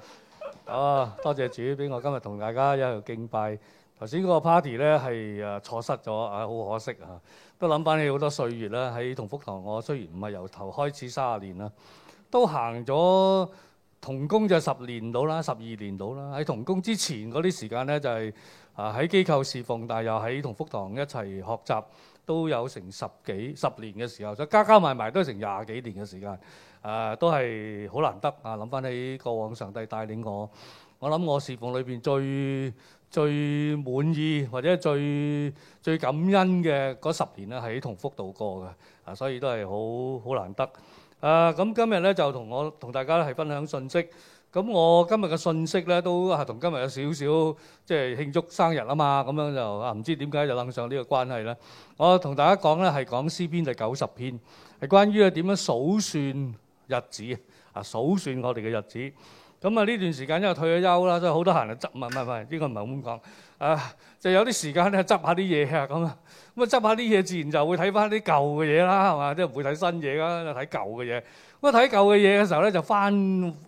啊！多謝主俾我今日同大家一路敬拜。頭先嗰個 party 咧係誒錯失咗啊，好可惜啊！都諗翻起好多歲月啦。喺同福堂，我雖然唔係由頭開始卅年啦，都行咗同工就十年到啦，十二年到啦。喺同工之前嗰啲時間咧就係啊喺機構侍奉，但係又喺同福堂一齊學習，都有成十幾十年嘅時候，就加加埋埋都係成廿幾年嘅時間。誒、啊、都係好難得啊！諗翻起過往，上帝帶領我，我諗我侍奉裏邊最最滿意或者最最感恩嘅嗰十年咧，係同福度過嘅啊，所以都係好好難得。誒、啊、咁今日咧就同我同大家咧係分享信息。咁我今日嘅信息咧都係同今日有少少即係、就是、慶祝生日啊嘛，咁樣就啊唔知點解就諗上呢個關係咧。我同大家講咧係講詩篇第九十篇，係關於咧點樣數算日子啊，數算我哋嘅日子。咁啊呢段時間因為退咗休啦，所以好多閒就執，唔係唔係，呢個唔係咁講。啊，就有啲時間咧執下啲嘢啊咁啊。咁啊執下啲嘢，自然就會睇翻啲舊嘅嘢啦，係嘛？即係唔會睇新嘢啦，睇舊嘅嘢。咁啊睇舊嘅嘢嘅時候咧，就翻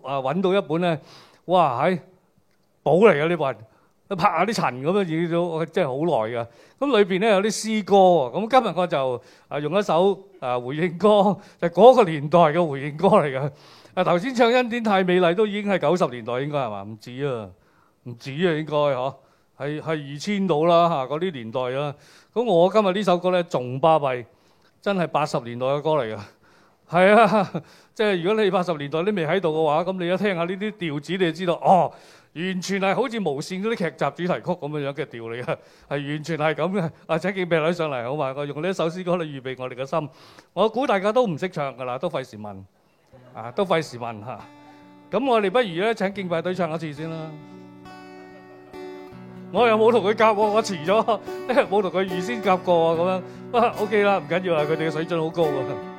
啊揾到一本咧，哇喺、哎、寶嚟啊呢本。拍下啲塵咁樣，已經都真係好耐噶。咁裏邊咧有啲詩歌啊。咁今日我就啊用一首啊回應歌，就嗰、是、個年代嘅回應歌嚟嘅。啊頭先唱《恩典太美麗》都已經係九十年代應該係嘛？唔止啊，唔止啊應該嗬，係係二千到啦嚇嗰啲年代啦。咁我今日呢首歌咧仲巴閉，真係八十年代嘅歌嚟嘅。係啊，即係如果你八十年代你未喺度嘅話，咁你一聽一下呢啲調子，你就知道哦。完全係好似無線嗰啲劇集主題曲咁樣嘅調嚟嘅，係完全係咁嘅。啊，請敬拜女上嚟好嘛？我用呢一首詩歌嚟預備我哋嘅心。我估大家都唔識唱噶啦，都費事問。啊，都費事問嚇。咁、啊、我哋不如咧請敬拜隊唱一次先啦。我又冇同佢夾喎，我遲咗，即係冇同佢預先夾過啊咁樣。OK 啦，唔緊要啦，佢哋嘅水準好高啊。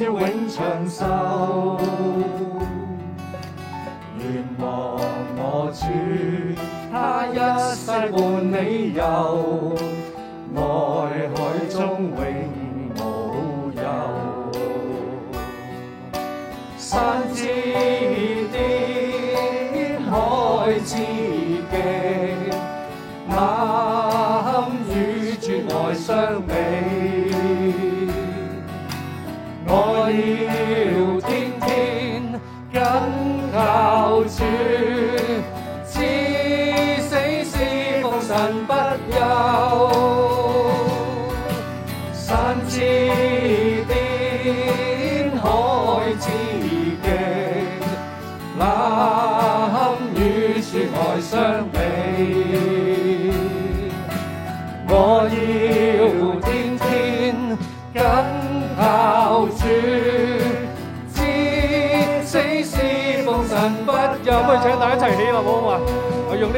願永長壽，願望我處他一世伴你游，愛海中永無憂，山之巔，海之極，那堪與摯愛相別。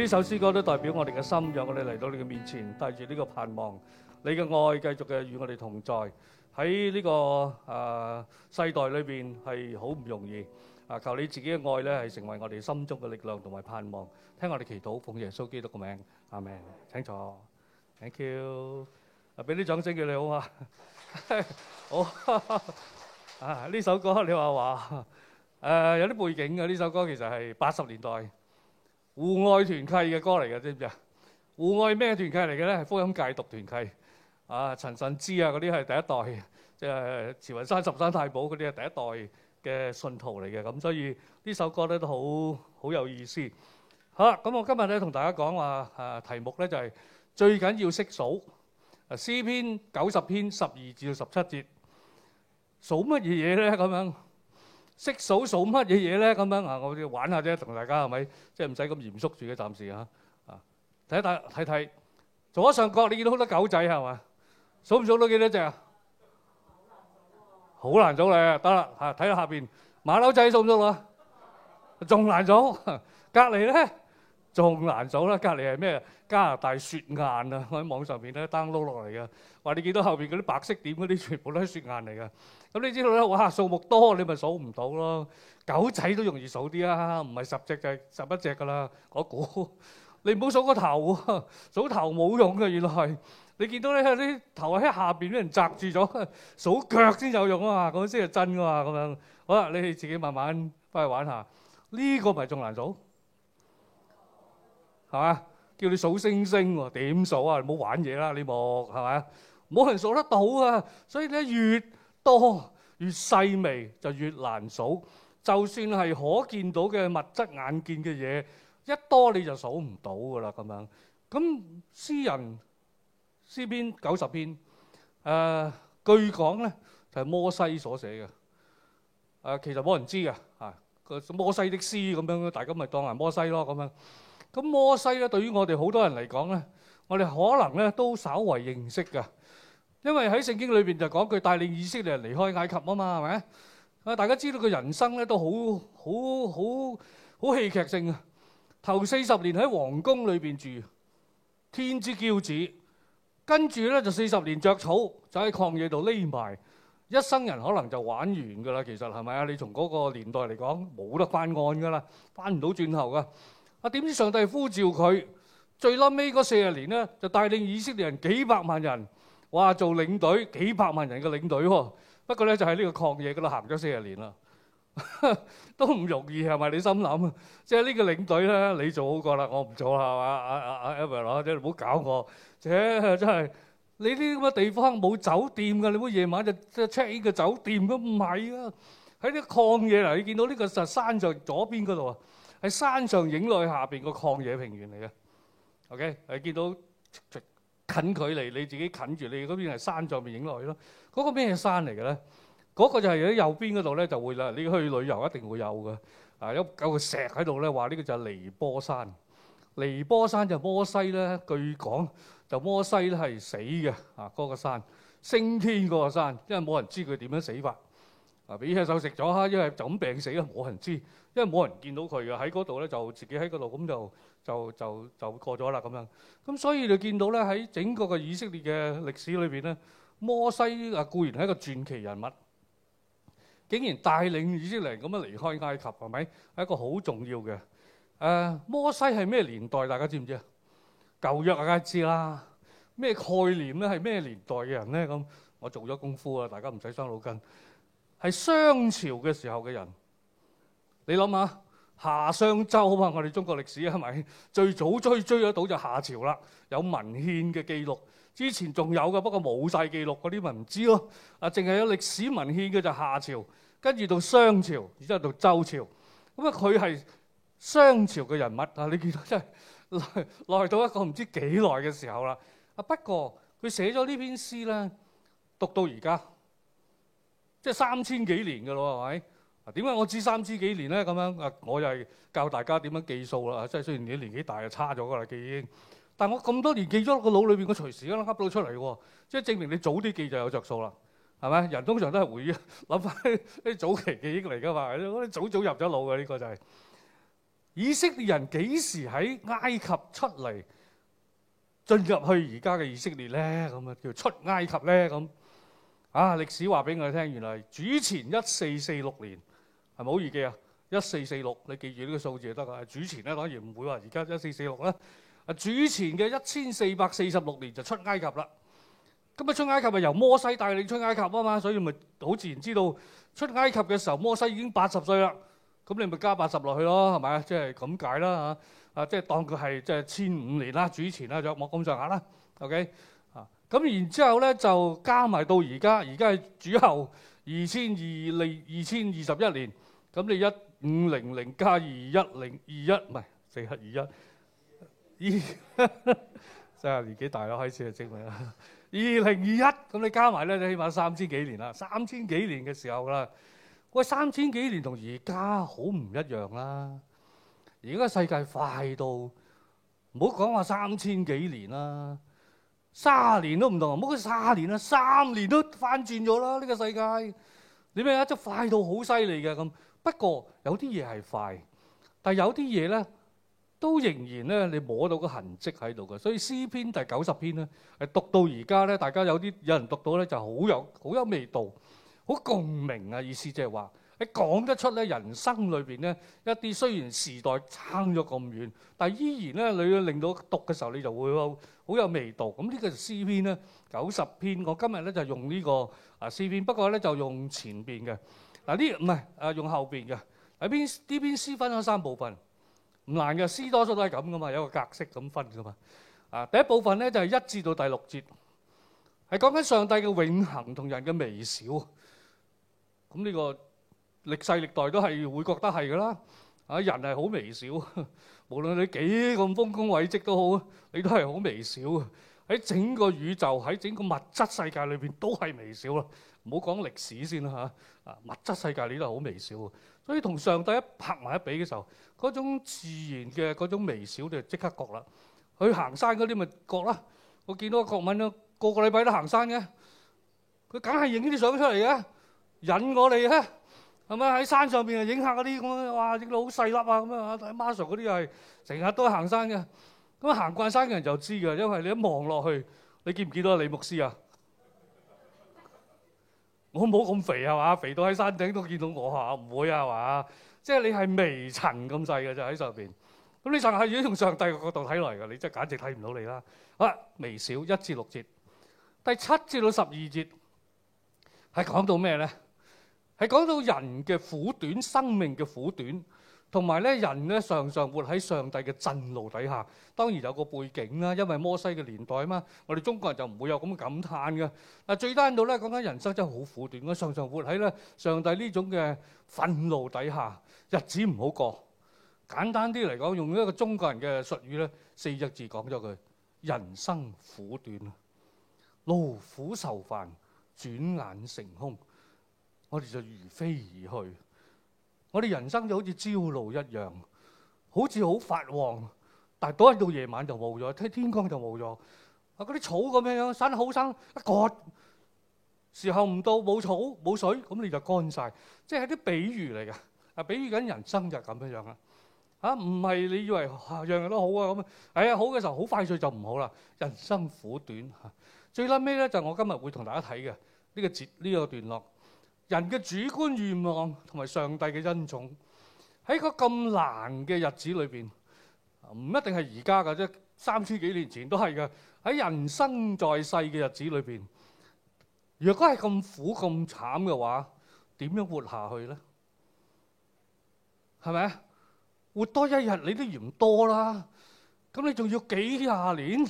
呢首詩歌都代表我哋嘅心，讓我哋嚟到你嘅面前，帶住呢個盼望，你嘅愛繼續嘅與我哋同在。喺呢個誒世代裏邊係好唔容易，啊求你自己嘅愛咧係成為我哋心中嘅力量同埋盼望。聽我哋祈禱，奉耶穌基督個名，阿門。請坐，thank you，啊，俾啲掌聲叫你好嘛。好，啊呢首歌你話話誒有啲背景嘅呢首歌，其實係八十年代。互愛團契嘅歌嚟嘅，知唔知啊？互愛咩團契嚟嘅咧？係福音戒毒團契啊！陳慎芝啊嗰啲係第一代，即係呃慈雲山十三太保嗰啲係第一代嘅信徒嚟嘅，咁所以呢首歌咧都好好有意思。好啦，咁我今日咧同大家講話誒題目咧就係最緊要識數啊，詩篇九十篇十二至十七節，數乜嘢嘢咧咁樣？識數數乜嘢嘢咧咁樣啊！我哋玩下啫，同大家係咪？即係唔使咁嚴肅住嘅，暫時嚇啊！睇一睇睇睇左上角，你見到好多狗仔係嘛？數唔數到幾多隻啊？好難數嚟啊！得啦嚇，睇下下邊馬騮仔數唔數到啊？仲難數，隔籬咧。仲難數啦！隔離係咩？加拿大雪雁啊！我喺網上邊咧 download 落嚟嘅，話你見到後邊嗰啲白色點嗰啲，全部都係雪雁嚟嘅。咁你知道咧，哇數目多，你咪數唔到咯。狗仔都容易數啲啦，唔係十隻就係十一隻噶啦，我估。你唔好數個頭喎，數頭冇用嘅，原來係你見到咧啲頭喺下邊啲人擲住咗，數腳先有用啊！嗰啲先係真噶嘛，咁樣好啦，你哋自己慢慢翻去玩下，呢個咪仲難數。係嘛？叫你數星星喎，啊，點數啊？你唔好玩嘢啦，你幕係嘛？冇人數得到啊！所以咧，越多越細微就越難數。就算係可見到嘅物質、眼見嘅嘢，一多你就數唔到㗎啦。咁樣咁詩人詩篇九十篇，誒、呃、據講咧就係、是、摩西所寫嘅。誒、呃、其實冇人知嘅嚇，個、啊、摩西的詩咁樣，大家咪當係摩西咯咁樣。咁摩西咧，對於我哋好多人嚟講咧，我哋可能咧都稍為認識㗎，因為喺聖經裏邊就講佢帶領以色列人離開埃及啊嘛，係咪啊？大家知道佢人生咧都好好好好戲劇性啊！頭四十年喺皇宮裏邊住，天之驕子，跟住咧就四十年著草就喺曠野度匿埋，一生人可能就玩完㗎啦。其實係咪啊？你從嗰個年代嚟講，冇得翻案㗎啦，翻唔到轉頭㗎。啊！點知上帝呼召佢最尾嗰四十年咧，就帶領以色列人幾百萬人，話做領隊幾百萬人嘅領隊呵、哦。不過咧就係、是、呢個曠野噶啦，行咗四十年啦，都唔容易係咪？你心諗啊，即係呢個領隊咧，你做好過啦，我唔做啦，係嘛？阿阿阿 Evil，即係唔好搞我，即係真係你呢咁嘅地方冇酒店噶，你會夜晚就 check 呢個酒店，都唔係啊，喺呢啲曠野嚟。你見到呢個山上左邊嗰度啊？喺山上影落去下邊個曠野平原嚟嘅，OK，你見到近距離你自己近住，你嗰邊係山上邊影落去咯。嗰個咩山嚟嘅咧？嗰個就係喺右邊嗰度咧就會啦。你去旅遊一定會有嘅，啊有個石喺度咧，話呢個就係尼波山。尼波山就摩西咧，據講就摩西咧係死嘅，啊嗰個山升天嗰個山，因為冇人知佢點樣死法，啊俾野獸食咗啊，因為就咁病死啊，冇人知。因為冇人見到佢啊喺嗰度咧，就自己喺嗰度咁就就就就過咗啦咁樣。咁所以你見到咧喺整個嘅以色列嘅歷史裏邊咧，摩西啊固然係一個傳奇人物，竟然帶領以色列人咁樣離開埃及，係咪？係一個好重要嘅。誒，啊，摩西係咩年代？大家知唔知啊？舊約大家知啦。咩概念咧？係咩年代嘅人咧？咁我做咗功夫啊，大家唔使傷腦筋。係商朝嘅時候嘅人。你諗下，夏商周啊嘛，我哋中國歷史係咪？最早最追追得到就夏朝啦，有文獻嘅記錄。之前仲有嘅，不過冇晒記錄嗰啲咪唔知咯。啊，淨係有歷史文獻嘅就夏朝，跟住到商朝，然之後到周朝。咁啊，佢係商朝嘅人物啊，你見到真係耐到一個唔知幾耐嘅時候啦。啊，不過佢寫咗呢篇詩咧，讀到而家，即係三千幾年噶咯，係咪？啊，點解我知三知幾年咧？咁樣啊，我又係教大家點樣記數啦。即係雖然你年紀大就差咗噶啦，記憶。但係我咁多年記咗落個腦裏邊，我隨時都噏到出嚟喎。即係證明你早啲記就有着數啦。係咪？人通常都係回憶，諗翻啲早期記憶嚟噶嘛。嗰啲早早入咗腦嘅呢個就係、是、以色列人幾時喺埃及出嚟進入去而家嘅以色列咧？咁啊叫出埃及咧咁啊！歷史話俾我聽，原嚟主前一四四六年。係咪好易記啊？一四四六，你記住呢個數字就得㗎。主前咧當然唔會話而家一四四六啦。啊，主前嘅一千四百四十六年就出埃及啦。咁一出埃及咪由摩西帶領出埃及啊嘛，所以咪好自然知道出埃及嘅時候摩西已經八十歲啦。咁你咪加八十落去咯，係咪啊？即係咁解啦嚇。啊，即係當佢係即係千五年啦，主前啦，就冇咁上下啦。OK 啊。咁然之後咧就加埋到而家，而家係主後二千二零二千二十一年。咁你一五零零加二一零二一唔係四七二一二，真 係年紀大啦，開始就證明啦。二零二一咁你加埋咧，你起碼三千幾年啦。三千幾年嘅時候啦，喂，三千幾年同而家好唔一樣啦。而家世界快到，唔好講話三千幾年啦，卅年都唔同，唔好講卅年啦，三年都翻轉咗啦。呢、這個世界點樣啊？即快到好犀利嘅咁。不過有啲嘢係快，但係有啲嘢咧都仍然咧，你摸到個痕跡喺度嘅。所以詩篇第九十篇咧，誒讀到而家咧，大家有啲有人讀到咧，就好有有好有味道，好共鳴啊！意思即係話，你講得出咧，人生裏邊咧一啲雖然時代差咗咁遠，但係依然咧，你令到讀嘅時候你就會好有，有味道。咁呢個詩篇咧，九十篇，我今日咧就用呢個啊詩篇，不過咧就用前邊嘅。嗱，呢唔係誒用後邊嘅喺邊詩分咗三部分，唔難嘅。詩多數都係咁噶嘛，有一個格式咁分噶嘛。啊，第一部分咧就係、是、一至到第六節，係講緊上帝嘅永恆同人嘅微小。咁呢個歷世歷代都係會覺得係噶啦。啊，人係好微小，無論你幾咁豐功偉績都好，你都係好微小。喺整個宇宙，喺整個物質世界裏邊都係微小啦。唔好講歷史先啦嚇，啊，物質世界都係好微小嘅。所以同上帝一拍埋一比嘅時候，嗰種自然嘅嗰種微小就，就即刻覺啦。佢行山嗰啲咪覺啦。我見到郭敏啊，個個禮拜都行山嘅，佢梗係影啲相出嚟嘅，引我哋啊，係咪喺山上邊啊影下嗰啲咁啊？哇，影到好細粒啊咁啊！阿馬 sir 嗰啲係成日都行山嘅。咁行慣山嘅人就知㗎，因為你一望落去，你見唔見到李牧師啊？ 我冇咁肥係嘛，肥到喺山頂都見到我嚇，唔會啊係嘛？即係、就是、你係微塵咁細嘅就喺上邊。咁你陳亞遠從上帝嘅角度睇嚟嘅，你真係簡直睇唔到你啦。好，微小一至六節，第七節到十二節係講到咩咧？係講到人嘅苦短，生命嘅苦短。同埋咧，人咧常常活喺上帝嘅震怒底下，當然有個背景啦。因為摩西嘅年代啊嘛，我哋中國人就唔會有咁嘅感嘆嘅。嗱、啊，最難到咧，講緊人生真係好苦短嘅，常常活喺咧上帝呢種嘅憤怒底下，日子唔好過。簡單啲嚟講，用一個中國人嘅術語咧，四隻字講咗佢：人生苦短，勞苦愁煩，轉眼成空。我哋就如飛而去。我哋人生就好似朝露一樣，好似好發黃，但係到一到夜晚就冇咗，聽天光就冇咗。啊，嗰啲草咁樣樣生得好生，一割時候唔到冇草冇水，咁你就乾晒，即係啲比喻嚟嘅，啊，比喻緊人生就咁樣樣啦。啊，唔係你以為樣樣都好啊咁啊，哎呀，好嘅時候好快脆就唔好啦。人生苦短嚇，最撚尾咧就我今日會同大家睇嘅呢個節呢、呢個段落。人嘅主觀願望同埋上帝嘅恩寵，喺個咁難嘅日子裏邊，唔一定係而家㗎啫。三千幾年前都係㗎。喺人生在世嘅日子裏邊，若果係咁苦咁慘嘅話，點樣活下去咧？係咪啊？活多一日你都嫌多啦。咁你仲要幾廿年？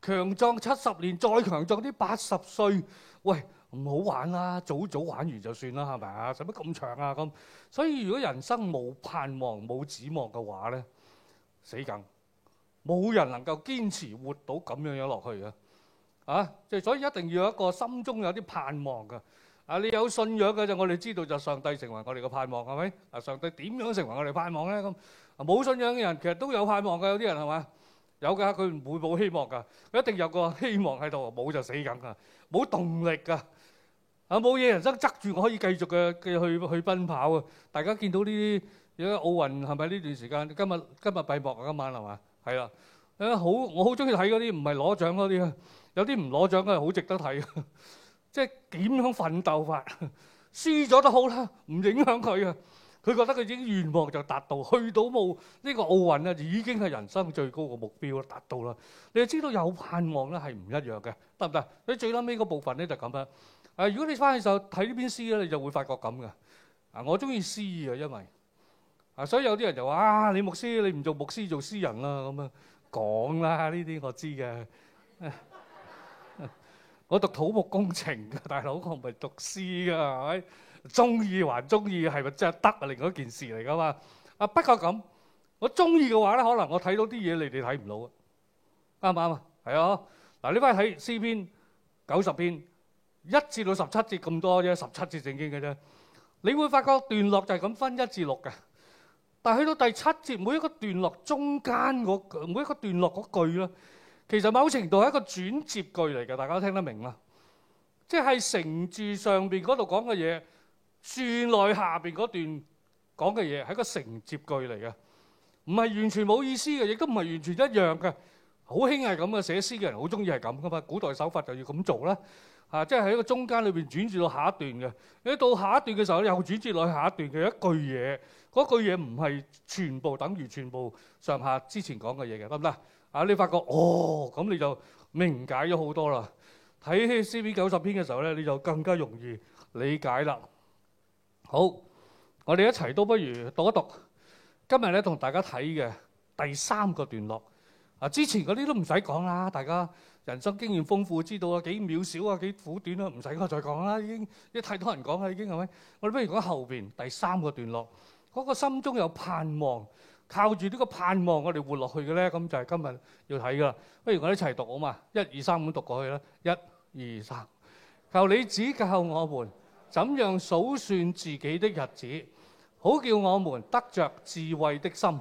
強壯七十年，再強壯啲八十歲，喂？唔好玩啦，啊，早早玩完就算啦，係咪啊？使乜咁長啊？咁所以如果人生冇盼望冇指望嘅話咧，死梗，冇人能夠堅持活到咁樣樣落去嘅，啊！即係所以一定要有一個心中有啲盼望嘅，啊！你有信仰嘅就我哋知道就上帝成為我哋嘅盼望，係咪？啊！上帝點樣成為我哋盼望咧？咁啊冇信仰嘅人其實都有盼望嘅，有啲人係咪？有嘅，佢唔會冇希望嘅，佢一定有個希望喺度，冇就死梗嘅，冇動力嘅。啊！冇嘢，人生執住我可以繼續嘅，嘅去去奔跑啊！大家見到呢啲而家奧運係咪呢段時間？今日今日閉幕啊！今晚係嘛？係啦，誒 好，我好中意睇嗰啲唔係攞獎嗰啲啊，有啲唔攞獎嘅係好值得睇嘅，即係點樣奮鬥法？輸咗都好啦，唔影響佢啊！佢覺得佢已經願望就達到，去到冇呢、這個奧運啊，已經係人生最高嘅目標啦，達到啦。你就知道有盼望咧係唔一樣嘅，得唔得？你最撚尾嗰部分咧就咁啦。啊！如果你翻去時候睇呢篇詩咧，你就會發覺咁噶。啊，我中意詩啊，因為啊，所以有啲人就話，啊：你牧師，你唔做牧師，做詩人啦咁啊。講啦，呢啲我知嘅。 我讀土木工程嘅，大佬我唔係讀詩㗎，係咪？中意還中意，係咪真係得啊？另外一件事嚟噶嘛。啊，不過咁，我中意嘅話咧，可能我睇到啲嘢，你哋睇唔到啊。啱唔啱啊？係啊，嗱，你翻睇詩篇九十篇。一至到十七節咁多啫，十七節正經嘅啫。你會發覺段落就係咁分一至六嘅，但係去到第七節，每一個段落中間嗰每一個段落嗰句咧，其實某程度係一個轉接句嚟嘅。大家都聽得明啦，即係承住上邊嗰度講嘅嘢，轉來下邊嗰段講嘅嘢係一個承接句嚟嘅，唔係完全冇意思嘅，亦都唔係完全一樣嘅。好興係咁嘅，寫詩嘅人好鍾意係咁噶嘛。古代手法就要咁做啦。嚇、啊！即係喺個中間裏邊轉接到下一段嘅。你到下一段嘅時候，你又轉接落去下一段嘅一句嘢。嗰句嘢唔係全部等於全部上下之前講嘅嘢嘅，得唔得？啊！你發覺哦，咁你就明解咗好多啦。睇起《詩篇》九十篇嘅時候咧，你就更加容易理解啦。好，我哋一齊都不如讀一讀今日咧同大家睇嘅第三個段落。啊，之前嗰啲都唔使講啦，大家。人生經驗豐富，知道啊幾渺小啊，幾苦短啦，唔使我再講啦，已經啲太多人講啦，已經係咪？我哋不如講後邊第三個段落嗰個心中有盼望，靠住呢個盼望我哋活落去嘅咧，咁就係今日要睇噶啦。不如我哋一齊讀好嘛？一、二、三，五讀過去啦。一、二、三，求你指教我們怎樣數算自己的日子，好叫我們得着智慧的心。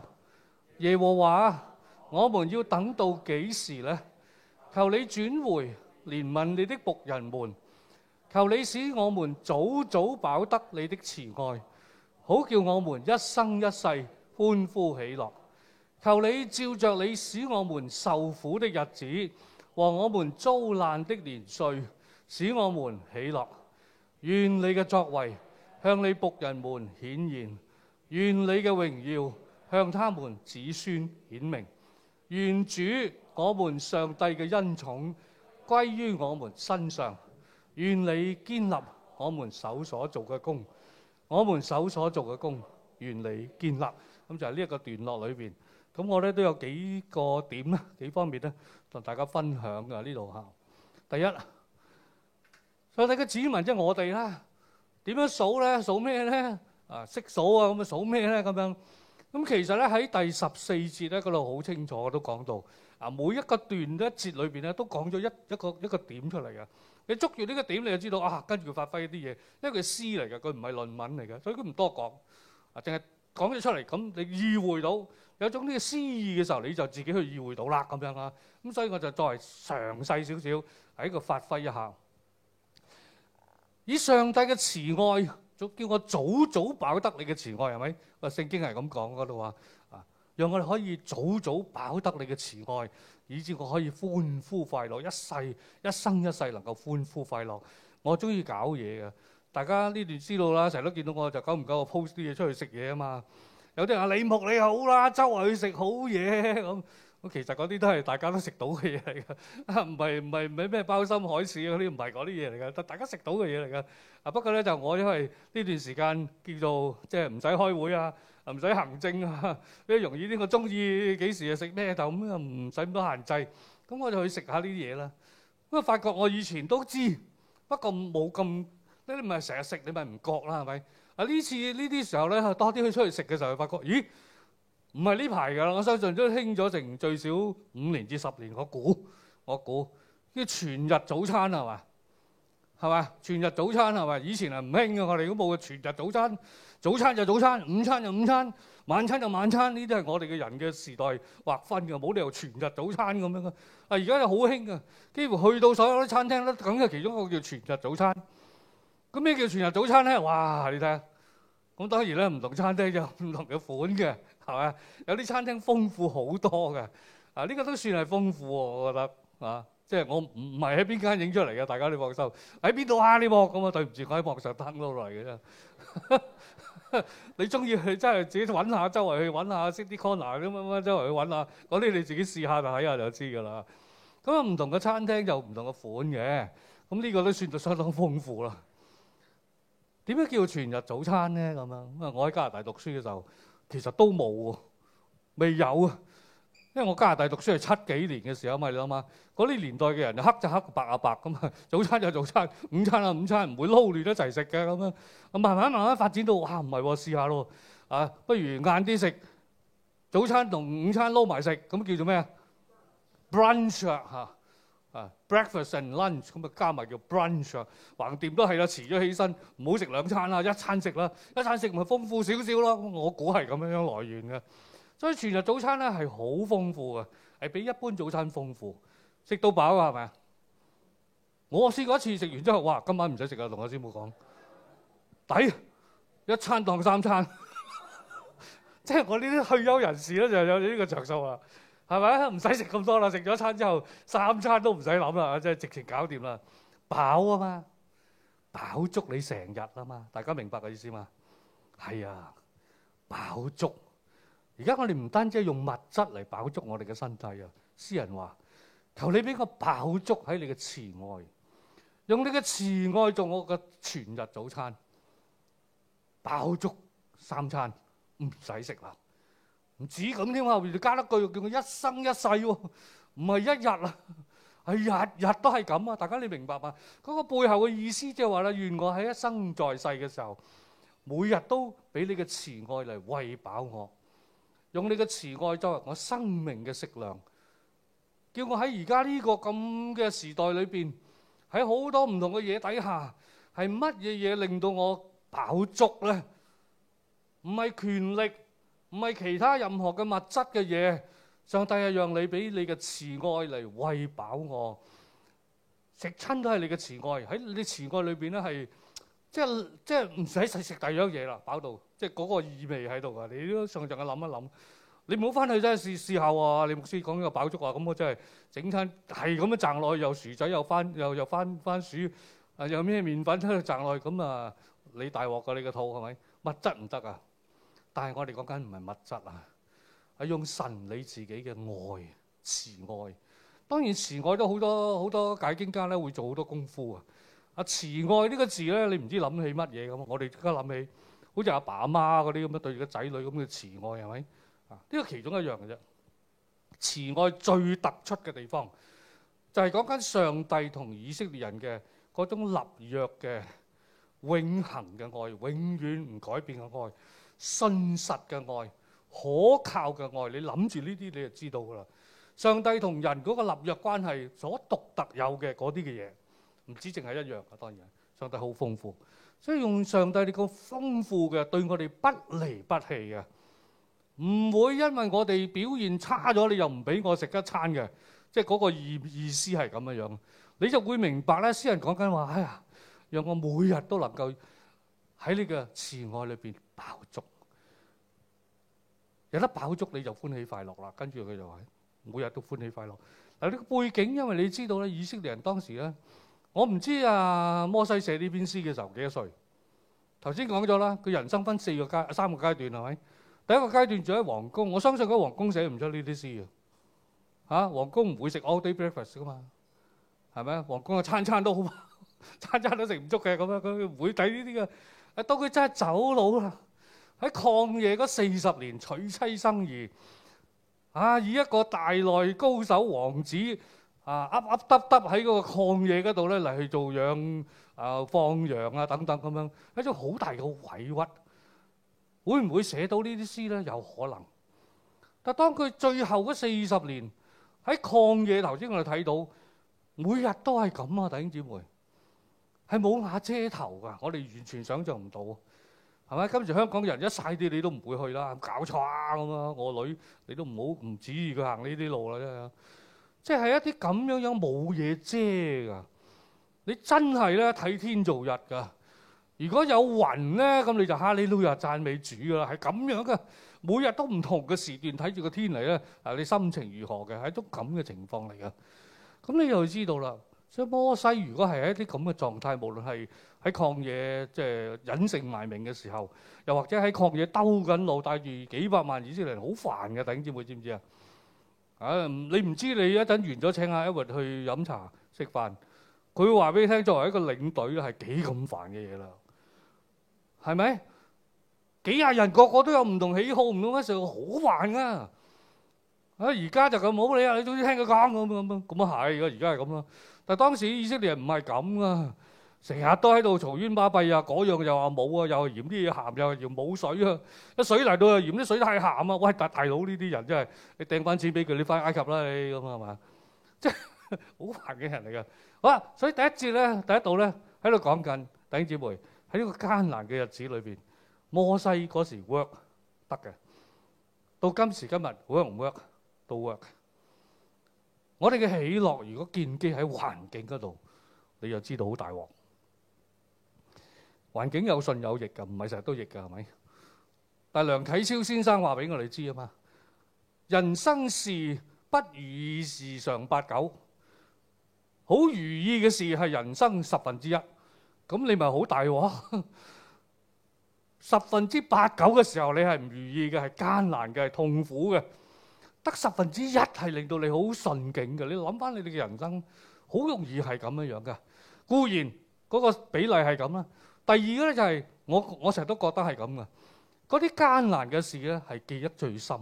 耶和華，我們要等到幾時咧？求你轉回憐憫你的僕人們，求你使我們早早飽得你的慈愛，好叫我們一生一世歡呼喜樂。求你照着你使我們受苦的日子和我們遭難的年歲，使我們喜樂。願你嘅作為向你僕人們顯現，願你嘅榮耀向他們子孫顯明。願主。我們上帝嘅恩寵歸於我們身上，願你建立我們手所做嘅工。我們手所做嘅工，願你建立。咁就係呢一個段落裏邊。咁我咧都有幾個點啦，幾方面咧，同大家分享噶呢度吓。第一，上帝嘅子民即係我哋啦，點樣數咧？數咩咧？啊，識數啊，咁咪數咩咧？咁樣。咁其實咧喺第十四節咧，嗰度好清楚，我都講到啊，每一個段一節裏邊咧都講咗一一個一個點出嚟嘅。你捉住呢個點，你就知道啊，跟住佢發揮一啲嘢，因為佢詩嚟嘅，佢唔係論文嚟嘅，所以佢唔多講啊，淨係講咗出嚟，咁你意會到有種呢個詩意嘅時候，你就自己去意會到啦咁樣啊。咁所以我就再詳細少少喺個發揮一下，以上帝嘅慈愛。早叫我早早飽得你嘅慈愛係咪？個聖經係咁講嗰度話，啊，讓我哋可以早早飽得你嘅慈愛，以至我可以歡呼快樂，一世一生一世能夠歡呼快樂。我中意搞嘢嘅，大家呢段思路啦，成日都見到我就久唔久我 post 啲嘢出去食嘢啊嘛，有啲人話，李牧你好啦，周圍去食好嘢咁。其實嗰啲都係大家都食到嘅嘢嚟㗎，唔係唔係咩咩包心海市嗰啲，唔係嗰啲嘢嚟㗎，但大家食到嘅嘢嚟㗎。啊，不過咧，就我因為呢段時間叫做即係唔使開會啊，唔使行政啊，比較容易啲。我中意幾時就食咩就咁，又唔使咁多限制。咁我就去食下呢啲嘢啦。咁啊發覺我以前都知，不過冇咁，你唔係成日食你咪唔覺啦係咪？啊呢次呢啲時候咧多啲去出去食嘅時候，發覺咦～唔係呢排㗎啦，我相信都興咗成最少五年至十年，我估我估。呢全日早餐係嘛係嘛？全日早餐係嘛？以前係唔興嘅，我哋都冇嘅。全日早餐，早餐就早餐，午餐就午餐，晚餐就晚餐。呢啲係我哋嘅人嘅時代劃分嘅，冇理由全日早餐咁樣嘅。啊，而家又好興嘅，幾乎去到所有啲餐廳咧，梗係其中一個叫全日早餐。咁咩叫全日早餐咧？哇！你睇下，咁當然咧唔同餐廳有唔同嘅款嘅。係啊？有啲餐廳豐富好多嘅，啊呢個都算係豐富喎，我覺得啊，即係我唔係喺邊間影出嚟嘅，大家都放心。喺邊度哈呢幕咁啊，對唔住，我喺博上登到嚟嘅啫。 你中意去真係自己揾下，周圍去揾下，識啲 corner 咁樣，周圍去揾下，嗰啲你自己試下就睇下就知㗎啦。咁啊，唔同嘅餐廳有唔同嘅款嘅，咁呢個都算到相當豐富啦。點樣叫全日早餐咧？咁樣，我喺加拿大讀書嘅時候。其實都冇喎，未有啊！因為我加拿大讀書係七幾年嘅時候嘛，你諗下，嗰啲年代嘅人就黑就黑，白啊白咁啊，早餐就早餐，午餐就午餐，唔會撈亂一齊食嘅咁樣！慢慢慢慢發展到，哇，唔係喎，試下咯啊，不如晏啲食，早餐同午餐撈埋食，咁叫做咩啊？brunch 嚇。啊，breakfast and lunch 咁啊，加埋叫 brunch，橫掂都係啦，遲咗起身唔好食兩餐啦，一餐食啦，一餐食咪豐富少少咯。我估係咁樣樣來源嘅，所以全日早餐咧係好豐富啊，係比一般早餐豐富，食到飽啊，係咪啊？我試過一次食完之後，哇！今晚唔使食啊，同我師傅講，抵一餐當三餐，即 係我呢啲退休人士咧就有呢個着數啊。.係咪啊？唔使食咁多啦，食咗餐之後，三餐都唔使諗啦，即係直情搞掂啦。飽啊嘛，飽足你成日啊嘛，大家明白個意思嘛？係啊，飽足。而家我哋唔單止係用物質嚟飽足我哋嘅身體啊。詩人話：求你俾個飽足喺你嘅慈愛，用你嘅慈愛做我嘅全日早餐，飽足三餐唔使食啦。不用吃了。唔止咁添啊！後面加一句，叫我一生一世喎，唔係一日啊，係日日都係咁啊！大家你明白嘛？嗰個背後嘅意思就，即係話啦，願我喺一生在世嘅時候，每日都俾你嘅慈愛嚟餵飽我，用你嘅慈愛作為我生命嘅食糧，叫我喺而家呢個咁嘅時代裏邊，喺好多唔同嘅嘢底下，係乜嘢嘢令到我飽足咧？唔係權力。唔係其他任何嘅物質嘅嘢，上帝係讓你俾你嘅慈愛嚟餵飽我、啊，食親都係你嘅慈愛。喺你慈愛裏邊咧，係即係即係唔使食食第二樣嘢啦，飽到即係嗰個意味喺度啊！你都上陣去諗一諗，你唔好翻去真係試試下喎、啊。你牧師講呢個飽足啊，咁我真係整餐係咁樣掙落去，又薯仔又番又又番番薯啊，又咩麵粉掙落去咁啊，你大鑊噶你個肚係咪物質唔得啊？但係，我哋講緊唔係物質啊，係用神理自己嘅愛慈愛。當然，慈愛都好多好多解經家咧，會做好多功夫啊。啊，慈愛呢個字咧，你唔知諗起乜嘢咁？我哋即刻諗起好似阿爸阿媽嗰啲咁樣對住個仔女咁嘅慈愛係咪啊？呢個其中一樣嘅啫。慈愛最突出嘅地方就係講緊上帝同以色列人嘅嗰種立約嘅永恆嘅愛，永遠唔改變嘅愛。信實嘅愛，可靠嘅愛，你諗住呢啲，你就知道噶啦。上帝同人嗰個立約關係所獨特有嘅嗰啲嘅嘢，唔止淨係一樣㗎。當然，上帝好豐富，所以用上帝呢個豐富嘅，對我哋不離不棄嘅，唔會因為我哋表現差咗，你又唔俾我食一餐嘅，即係嗰個意意思係咁樣樣。你就會明白咧，詩人講緊話：哎呀，讓我每日都能夠喺你嘅慈愛裏邊。飽足，有得飽足你就歡喜快樂啦。跟住佢就話每日都歡喜快樂。嗱，呢個背景，因為你知道咧，以色列人當時咧，我唔知啊摩西寫呢篇詩嘅時候幾多歲。頭先講咗啦，佢人生分四個階三個階段係咪？第一個階段住喺皇宮，我相信佢皇宮寫唔出呢啲詩啊。吓，皇宮唔會食 all day breakfast 噶嘛，係咪啊？皇宮啊，餐餐都好飽， 餐餐都食唔足嘅咁樣，佢唔會睇呢啲嘅。啊，到佢真係走佬啦！喺曠野嗰四十年娶妻生兒，啊以一個大內高手王子啊凹凹凸凸喺嗰個曠野嗰度咧嚟去做養啊放羊啊等等咁樣，一種好大嘅委屈，會唔會寫到呢啲詩咧？有可能。但當佢最後嗰四十年喺曠野，頭先我哋睇到，每日都係咁啊，弟兄姊妹，係冇瓦遮頭噶，我哋完全想象唔到。係咪？今時香港人一晒啲，你都唔會去啦。搞錯啊！咁啊，我女，你都唔好唔指意佢行呢啲路啦。真係，即係一啲咁樣樣冇嘢遮噶。你真係咧睇天做日噶。如果有雲咧，咁你就哈利路亞讚美主噶啦。係咁樣噶，每日都唔同嘅時段睇住個天嚟咧。啊，你心情如何嘅？係一種咁嘅情況嚟噶。咁你又知道啦。所以摩西如果係一啲咁嘅狀態，無論係喺曠野，即係隱姓埋名嘅時候，又或者喺曠野兜緊路，帶住幾百萬以色列人，好煩嘅，弟兄姊妹知唔知啊？啊、嗯，你唔知你一陣完咗請阿一 w 去飲茶食飯，佢會話俾你聽，作為一個領隊係幾咁煩嘅嘢啦，係咪？幾廿人個個都有唔同喜好，唔同嘅時候，好煩噶。啊！而家就咁冇理啊，你總之聽佢講咁咁咁，咁啊係個而家係咁咯。但係當時以色列唔係咁噶，成日都喺度嘈冤巴閉啊，嗰樣又話冇啊，又嫌啲嘢鹹，又嫌冇水啊。啲水嚟到又嫌啲水太鹹啊！喂，大大佬呢啲人真係，你掟翻錢俾佢你翻埃及啦，你咁啊嘛，即係好煩嘅人嚟噶。好啦，所以第一節咧，第一度咧喺度講緊弟兄姊妹喺呢個艱難嘅日子裏邊，摩西嗰時 work 得嘅，到今時今日 work 唔 work？都 work。我哋嘅喜樂，如果建基喺環境嗰度，你又知道好大鑊。環境有順有逆噶，唔係成日都逆噶，係咪？但係梁啟超先生話俾我哋知啊嘛，人生事不如意時常八九，好如意嘅事係人生十分之一，咁你咪好大鑊。十分之八九嘅時候，你係唔如意嘅，係艱難嘅，係痛苦嘅。得十分之一係令到你好順境嘅，你諗翻你哋嘅人生，好容易係咁樣樣嘅。固然嗰個比例係咁啦。第二個咧就係我我成日都覺得係咁嘅，嗰啲艱難嘅事咧係記得最深，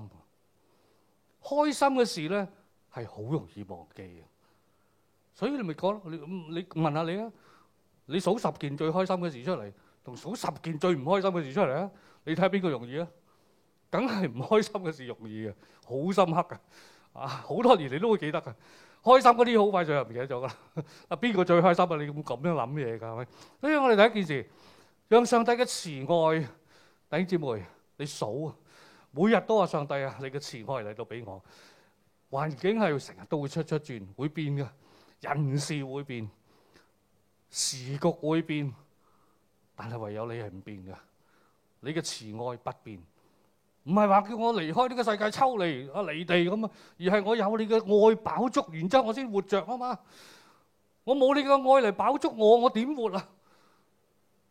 開心嘅事咧係好容易忘記嘅。所以你咪講，你你問下你啊，你數十件最開心嘅事出嚟，同數十件最唔開心嘅事出嚟啊，你睇下邊個容易啊？梗係唔開心嘅事容易嘅，好深刻噶啊！好多年你都會記得噶開心嗰啲好快就又唔記得咗啦。啊，邊個最開心啊？你會咁樣諗嘢噶係咪所以我哋第一件事，讓上帝嘅慈愛，弟兄姐妹，你數每日都話上帝啊，你嘅慈愛嚟到俾我。環境係成日都會出出轉，會變噶人事會變，時局會變，但係唯有你係唔變噶你嘅慈愛不變。唔係話叫我離開呢個世界抽離阿離地咁啊，而係我有你嘅愛飽足，然之後我先活着啊嘛。我冇你嘅愛嚟飽足我，我點活啊？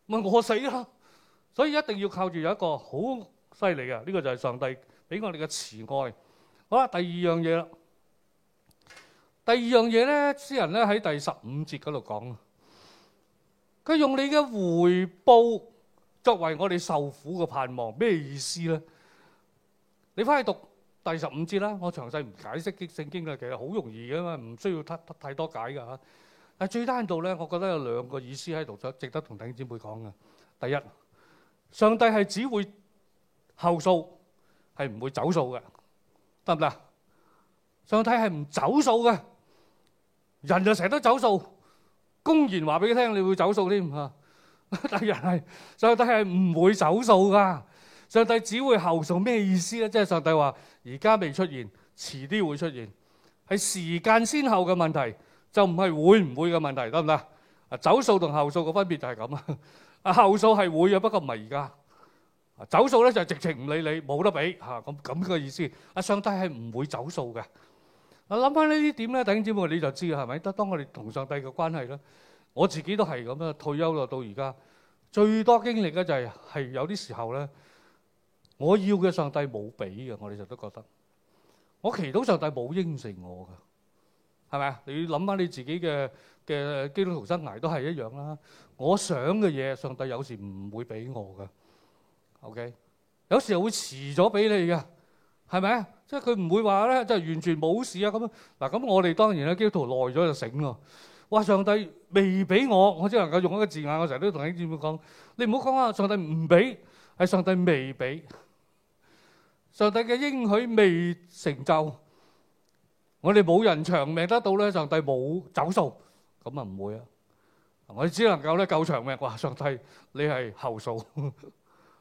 咪我死咯！所以一定要靠住有一個好犀利嘅，呢個就係上帝俾我哋嘅慈愛。好啦，第二樣嘢啦。第二樣嘢咧，詩人咧喺第十五節嗰度講，佢用你嘅回報作為我哋受苦嘅盼望，咩意思咧？你翻去讀第十五節啦，我詳細唔解釋啲聖經啦，其實好容易㗎嘛，唔需要太太多解㗎嚇。但係最單一道咧，我覺得有兩個意思喺度，值得同弟兄姊妹講嘅。第一，上帝係只會後數，係唔會走數嘅，得唔得？上帝係唔走數嘅，人就成日都走數，公然話俾佢聽你會走數添嚇，但係人係上帝係唔會走數噶。上帝只會後數咩意思咧？即係上帝話：而家未出現，遲啲會出現，係時間先後嘅問題，就唔係會唔會嘅問題，得唔得？啊，走數同後數嘅分別就係咁啊！後數係會嘅，不過唔係而家。啊，走數咧就係直情唔理你，冇得俾嚇。咁咁嘅意思。啊，上帝係唔會走數嘅。啊，諗翻呢啲點咧，弟兄姊妹你就知啦，係咪？得當我哋同上帝嘅關係咧，我自己都係咁啊，退休啦到而家，最多經歷嘅就係、係、係有啲時候咧。我要嘅上帝冇俾嘅，我哋就都覺得，我祈禱上帝冇應承我嘅，係咪啊？你諗翻你自己嘅嘅基督徒生涯都係一樣啦。我想嘅嘢，上帝有時唔會俾我嘅，OK，有時又會遲咗俾你嘅，係咪啊？即係佢唔會話咧，就完全冇事啊咁樣嗱。咁我哋當然咧，基督徒耐咗就醒咯。哇！上帝未俾我，我只能夠用一個字眼，我成日都同弟兄姊妹講：你唔好講話上帝唔俾，係上帝未俾。上帝嘅應許未成就，我哋冇人長命得到咧。上帝冇走數，咁啊唔會啊！我哋只能夠咧夠長命。哇！上帝，你係後數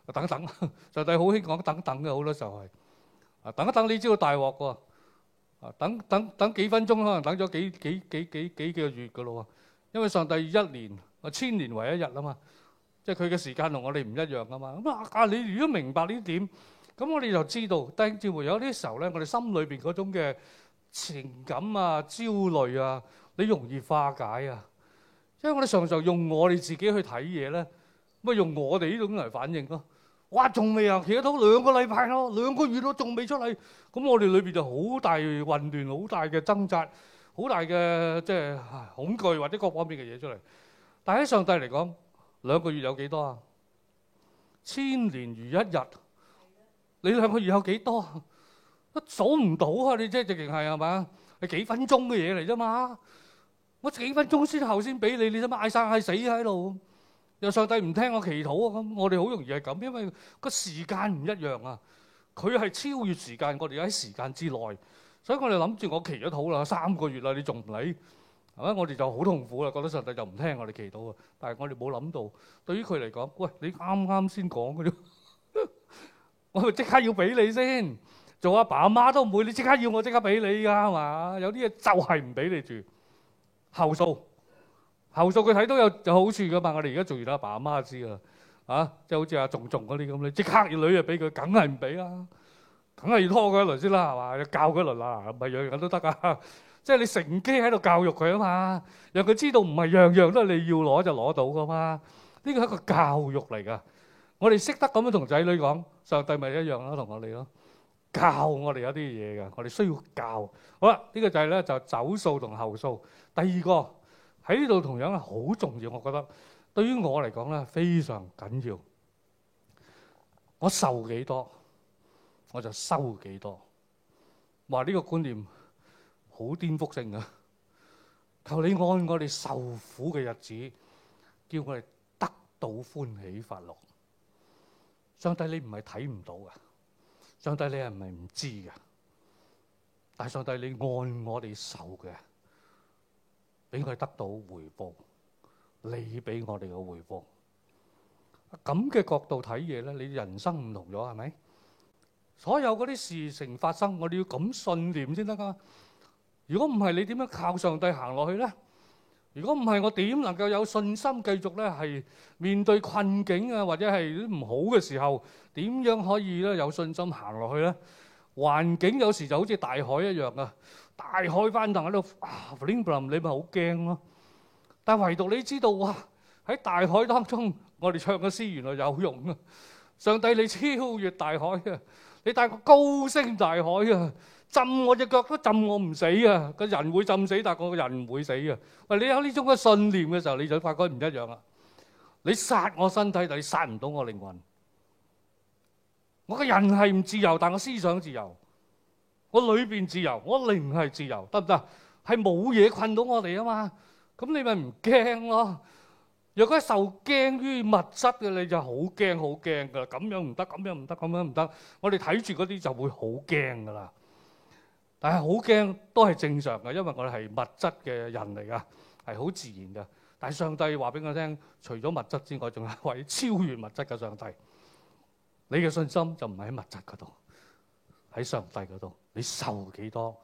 等等。上帝好興講等等嘅，好多時候係啊，等一等你知道大鑊喎啊，等等等幾分鐘可能等咗幾幾幾幾幾幾個月㗎咯喎，因為上帝一年啊千年為一日啊嘛，即係佢嘅時間同我哋唔一樣啊嘛。咁啊啊，你如果明白呢點？咁我哋就知道，但係點有啲時候咧？我哋心裏面嗰種嘅情感啊、焦慮啊，你容易化解啊，因為我哋常常用我哋自己去睇嘢咧，咪用我哋呢種嚟反應咯。哇！仲未啊，企得到兩個禮拜咯，兩個月都仲未出嚟。咁我哋裏面就好大混亂，好大嘅掙扎，好大嘅即係恐懼或者各方面嘅嘢出嚟。但係喺上帝嚟講，兩個月有幾多啊？千年如一日。你兩個月有幾多？我數唔到啊！你即係直情係係嘛？係幾分鐘嘅嘢嚟啫嘛！我幾分鐘之後先俾你，你做乜嗌生嗌死喺度？又上帝唔聽我祈禱啊！咁我哋好容易係咁，因為個時間唔一樣啊！佢係超越時間，我哋喺時間之內，所以我哋諗住我祈咗禱啦，三個月啦，你仲唔嚟？係咪？我哋就好痛苦啦，覺得上帝就唔聽我哋祈禱啊！但係我哋冇諗到，對於佢嚟講，餵你啱啱先講嗰啲，我哋即刻要俾你先，做阿爸阿媽都唔會。你即刻要我即刻俾你噶，係嘛？有啲嘢就係唔俾你住後數後數，佢睇到有有好處噶嘛。我哋而家做完阿爸阿媽知啦，啊，即係好似阿仲仲嗰啲咁，你即刻要女啊俾佢，梗係唔俾啦，梗係要拖佢一輪先啦，係嘛？又教佢一輪啦，唔係樣樣都得噶。即係你乘機喺度教育佢啊嘛，讓佢知道唔係樣樣都係你要攞就攞到噶嘛。呢個係一個教育嚟噶，我哋識得咁樣同仔女講。上帝咪一樣咯，同我哋咯，教我哋有啲嘢嘅，我哋需要教。好啦，呢個就係咧就走數同後數。第二個喺呢度同樣係好重要，我覺得對於我嚟講咧非常緊要。我受幾多，我就收幾多。話呢個觀念好顛覆性嘅。求你按我哋受苦嘅日子，叫我哋得到歡喜快樂。上帝你唔係睇唔到噶，上帝你係唔係唔知噶？但係上帝你愛我哋受嘅，俾佢得到回報。你俾我哋嘅回報，咁嘅角度睇嘢咧，你人生唔同咗係咪？所有嗰啲事情發生，我哋要咁信念先得噶。如果唔係，你點樣靠上帝行落去咧？如果唔係，我點能夠有信心繼續咧？係面對困境啊，或者係啲唔好嘅時候，點樣可以咧有信心行落去咧？環境有時就好似大海一樣啊，大海翻騰喺度，flim blum，你咪好驚咯。但係唯獨你知道哇，喺大海當中，我哋唱嘅詩原來有用啊！上帝，你超越大海啊！你帶過高聲大海啊！浸我隻腳都浸我唔死啊！個人會浸死，但係我個人唔會死啊！喂，你有呢種嘅信念嘅時候，你就發覺唔一樣啦。你殺我身體，但係殺唔到我靈魂。我個人係唔自由，但我思想自由，我裏邊自由，我靈係自由，得唔得？係冇嘢困到我哋啊嘛。咁你咪唔驚咯。若果係受驚於物質嘅，你就好驚好驚㗎啦。咁樣唔得，咁樣唔得，咁樣唔得。我哋睇住嗰啲就會好驚㗎啦。但好驚都係正常嘅，因為我哋係物質嘅人嚟噶，係好自然噶。但係上帝話俾我聽，除咗物質之外，仲係一位超越物質嘅上帝。你嘅信心就唔係喺物質嗰度，喺上帝嗰度。你受幾多，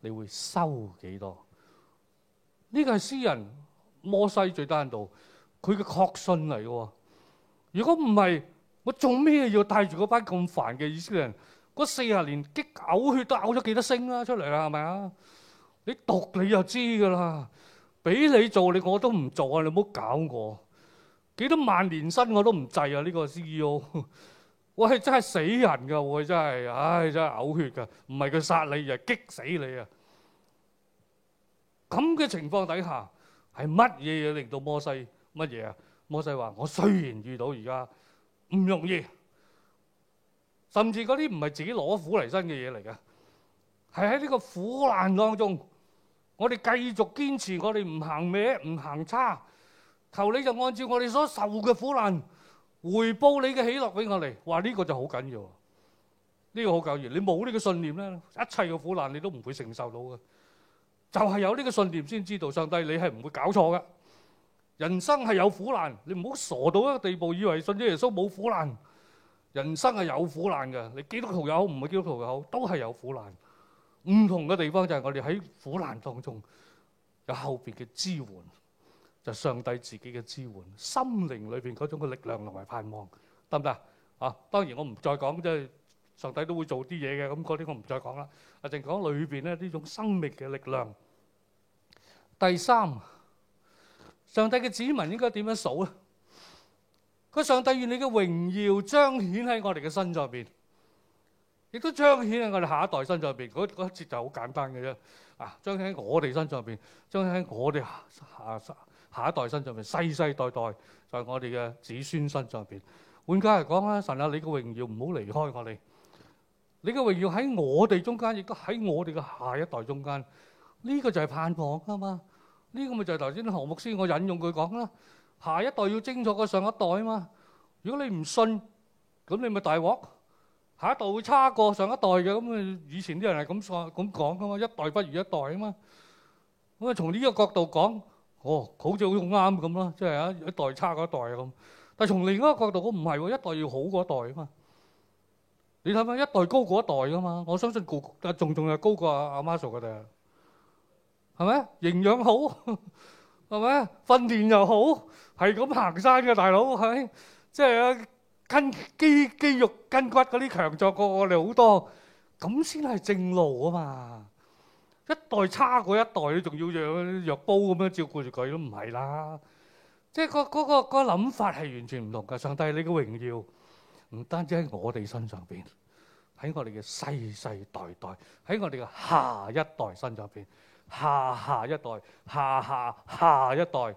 你會收幾多。呢、這個係詩人摩西最低限度，佢嘅確信嚟嘅。如果唔係，我做咩要帶住嗰班咁煩嘅以色列人？嗰四十年激嘔血都嘔咗幾多星啦出嚟啦，係咪啊？你讀你就知噶啦，俾你做你我都唔做，你唔好搞我。幾多萬年薪我都唔制啊！呢個 CEO，我係真係死人噶，我真係，唉，真係嘔血噶，唔係佢殺你，係激死你啊！咁嘅情況底下係乜嘢嘢令到摩西乜嘢啊？摩西話：我雖然遇到而家唔容易。甚至嗰啲唔係自己攞苦嚟生嘅嘢嚟嘅，係喺呢個苦難當中，我哋繼續堅持我不，我哋唔行歪，唔行差，求你就按照我哋所受嘅苦難，回報你嘅喜樂俾我哋。哇！呢、這個就好緊要，呢、這個好教義。你冇呢個信念咧，一切嘅苦難你都唔會承受到嘅。就係、是、有呢個信念先知道，上帝你係唔會搞錯嘅。人生係有苦難，你唔好傻到一個地步，以為信主耶穌冇苦難。人生係有苦難嘅，你基督徒又好，唔係基督徒又好，都係有苦難。唔同嘅地方就係我哋喺苦難當中有後邊嘅支援，就上帝自己嘅支援，心靈裏邊嗰種嘅力量同埋盼望，得唔得啊？啊，當然我唔再講，即係上帝都會做啲嘢嘅，咁嗰啲我唔再講啦。淨講裏邊咧呢種生命嘅力量。第三，上帝嘅子民應該點樣數咧？佢上帝願你嘅榮耀彰顯喺我哋嘅身上邊，亦都彰顯喺我哋下一代身上邊。嗰一節就好簡單嘅啫。啊，彰顯喺我哋身上邊，彰顯喺我哋下下下一代身上邊，世世代代在我哋嘅子孫身上邊。換家嚟講啦，神啊，你嘅榮耀唔好離開我哋，你嘅榮耀喺我哋中間，亦都喺我哋嘅下一代中間。呢個就係盼望㗎嘛。呢個咪就係頭先何牧師我引用佢講啦。下一代要精確過上一代啊嘛！如果你唔信，咁你咪大鑊。下一代會差過上一代嘅，咁以前啲人係咁講，咁講噶嘛，一代不如一代啊嘛。咁啊，從呢個角度講，哦，好似好啱咁咯，即係啊一代差過一代咁。但係從另一個角度講，唔係，一代要好過一代啊嘛。你睇下，一代高過一代噶嘛。我相信仲仲係高過阿阿媽哋，o 係咪？營養好，係 咪？訓練又好。係咁行山嘅大佬，係即係啊，筋、即係、肌肌肉筋骨嗰啲強壯過我哋好多，咁先係正路啊嘛！一代差過一代，仲要藥藥煲咁樣照顧住佢都唔係啦。即係嗰嗰個嗰諗法係完全唔同嘅。上帝你榮，你嘅榮耀唔單止喺我哋身上邊，喺我哋嘅世世代代，喺我哋嘅下一代身上邊，下下，下，下，下，下一代，下下下一代。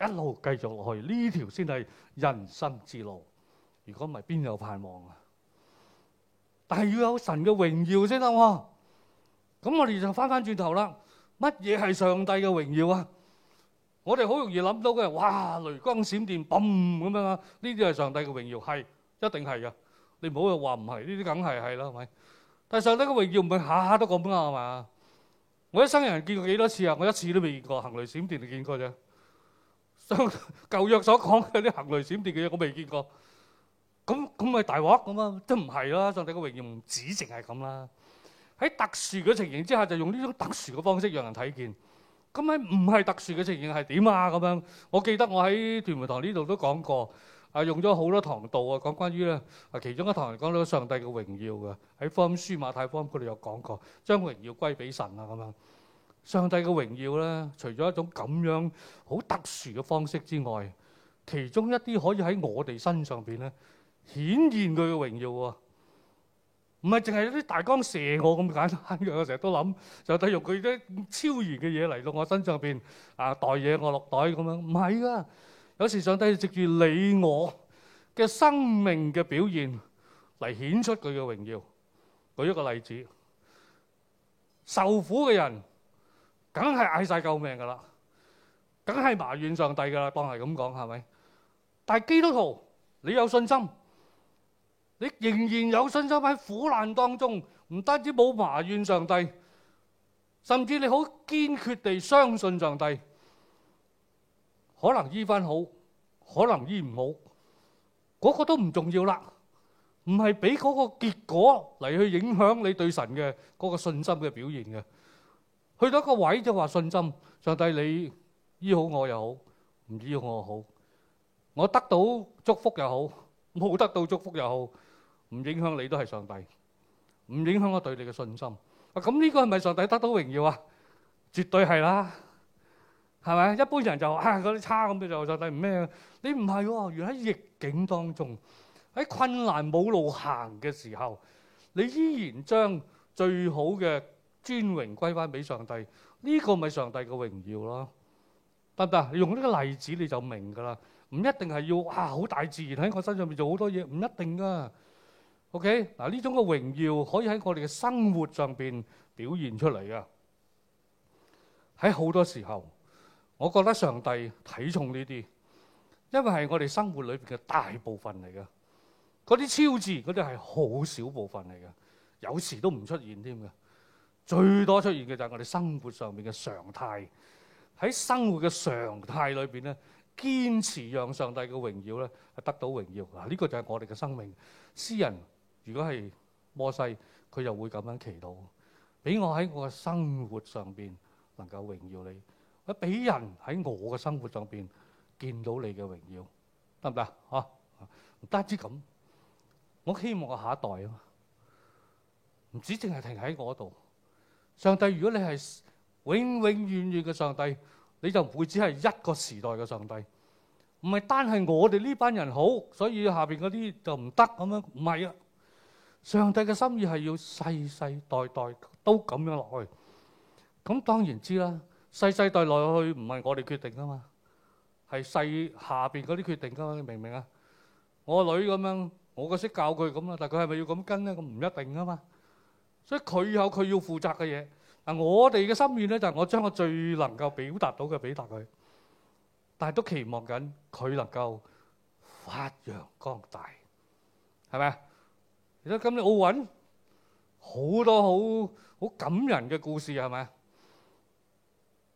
一路繼續落去呢條先係人生之路。如果唔係，邊有盼望啊？但係要有神嘅榮耀先得喎。咁我哋就翻返轉頭啦。乜嘢係上帝嘅榮耀啊？我哋好容易諗到嘅，哇！雷光閃電，嘣咁樣啦，呢啲係上帝嘅榮耀，係一定係噶。你唔好又話唔係呢啲，梗係係啦，係咪？但係上帝嘅榮耀唔係下下都咁樣啊係嘛。我一生人見過幾多次啊？我一次都未見過，行雷閃電你見過啫。舊 約所講嘅啲行雷閃電嘅嘢，我未見過，咁咁咪大鑊咁啊？即唔係啦，上帝嘅榮耀唔止淨係咁啦。喺特殊嘅情形之下，就用呢種特殊嘅方式讓人睇見。咁喺唔係特殊嘅情形係點啊？咁樣，我記得我喺屯門堂呢度都講過，啊，用咗好多堂道啊，講關於咧啊，其中一堂嚟講到上帝嘅榮耀嘅，喺福音書馬太福音佢哋有講過，將榮耀歸俾神啊咁樣。上帝嘅榮耀咧，除咗一種咁樣好特殊嘅方式之外，其中一啲可以喺我哋身上邊咧顯現佢嘅榮耀喎。唔係淨係啲大光射我咁簡單嘅。我成日都諗就體用佢啲超然嘅嘢嚟到我身上邊啊，袋嘢我落袋咁樣，唔係㗎。有時上帝藉住你我嘅生命嘅表現嚟顯出佢嘅榮耀。舉一個例子，受苦嘅人。梗係嗌晒救命噶啦，梗係埋怨上帝噶啦，當係咁講，係咪？但係基督徒，你有信心，你仍然有信心喺苦難當中，唔單止冇埋怨上帝，甚至你好堅決地相信上帝。可能醫翻好，可能醫唔好，嗰個都唔重要啦。唔係俾嗰個結果嚟去影響你對神嘅嗰個信心嘅表現嘅。去到一個位就話信心，上帝你醫好我又好，唔醫我好，我得到祝福又好，冇得到祝福又好，唔影響你都係上帝，唔影響我對你嘅信心。咁、啊、呢、啊呢個係咪上帝得到榮耀啊？絕對係啦，係咪？一般人就啊嗰啲差咁就上帝唔咩？你唔係、哦，原喺逆境當中，喺困難冇路行嘅時候，你依然將最好嘅。尊榮歸翻俾上帝，呢個咪上帝嘅榮耀咯，得唔得？用呢個例子你就明㗎啦，唔一定係要啊。好大自然喺我身上面做好多嘢，唔一定噶。O K 嗱，呢種嘅榮耀可以喺我哋嘅生活上邊表現出嚟嘅。喺好多時候，我覺得上帝睇重呢啲，因為係我哋生活裏邊嘅大部分嚟嘅，嗰啲超自然嗰啲係好少部分嚟嘅，有時都唔出現添嘅。最多出現嘅就係我哋生活上面嘅常態，喺生活嘅常態裏邊咧，堅持讓上帝嘅榮耀咧，係得到榮耀。嗱，呢個就係我哋嘅生命。詩人如果係摩西，佢又會咁樣祈禱，俾我喺我嘅生活上邊能夠榮耀你，啊俾人喺我嘅生活上邊見到你嘅榮耀行行，得唔得啊？吓，唔單止咁，我希望我下一代啊，唔止淨係停喺我度。上帝，如果你係永永遠遠嘅上帝，你就唔會只係一個時代嘅上帝，唔係單係我哋呢班人好，所以下邊嗰啲就唔得咁樣，唔係啊！上帝嘅心意係要世世代代都咁樣落去，咁當然知啦，世世代代落去唔係我哋決定噶嘛，係世下邊嗰啲決定噶嘛，你明唔明啊？我女咁樣，我個識教佢咁啊，但佢係咪要咁跟咧？咁唔一定噶嘛。所以佢有佢要負責嘅嘢，嗱，我哋嘅心願咧就係我將我最能夠表達到嘅表達佢，但係都期望緊佢能夠發揚光大，係咪啊？而家今日奧運好多好好感人嘅故事係咪啊？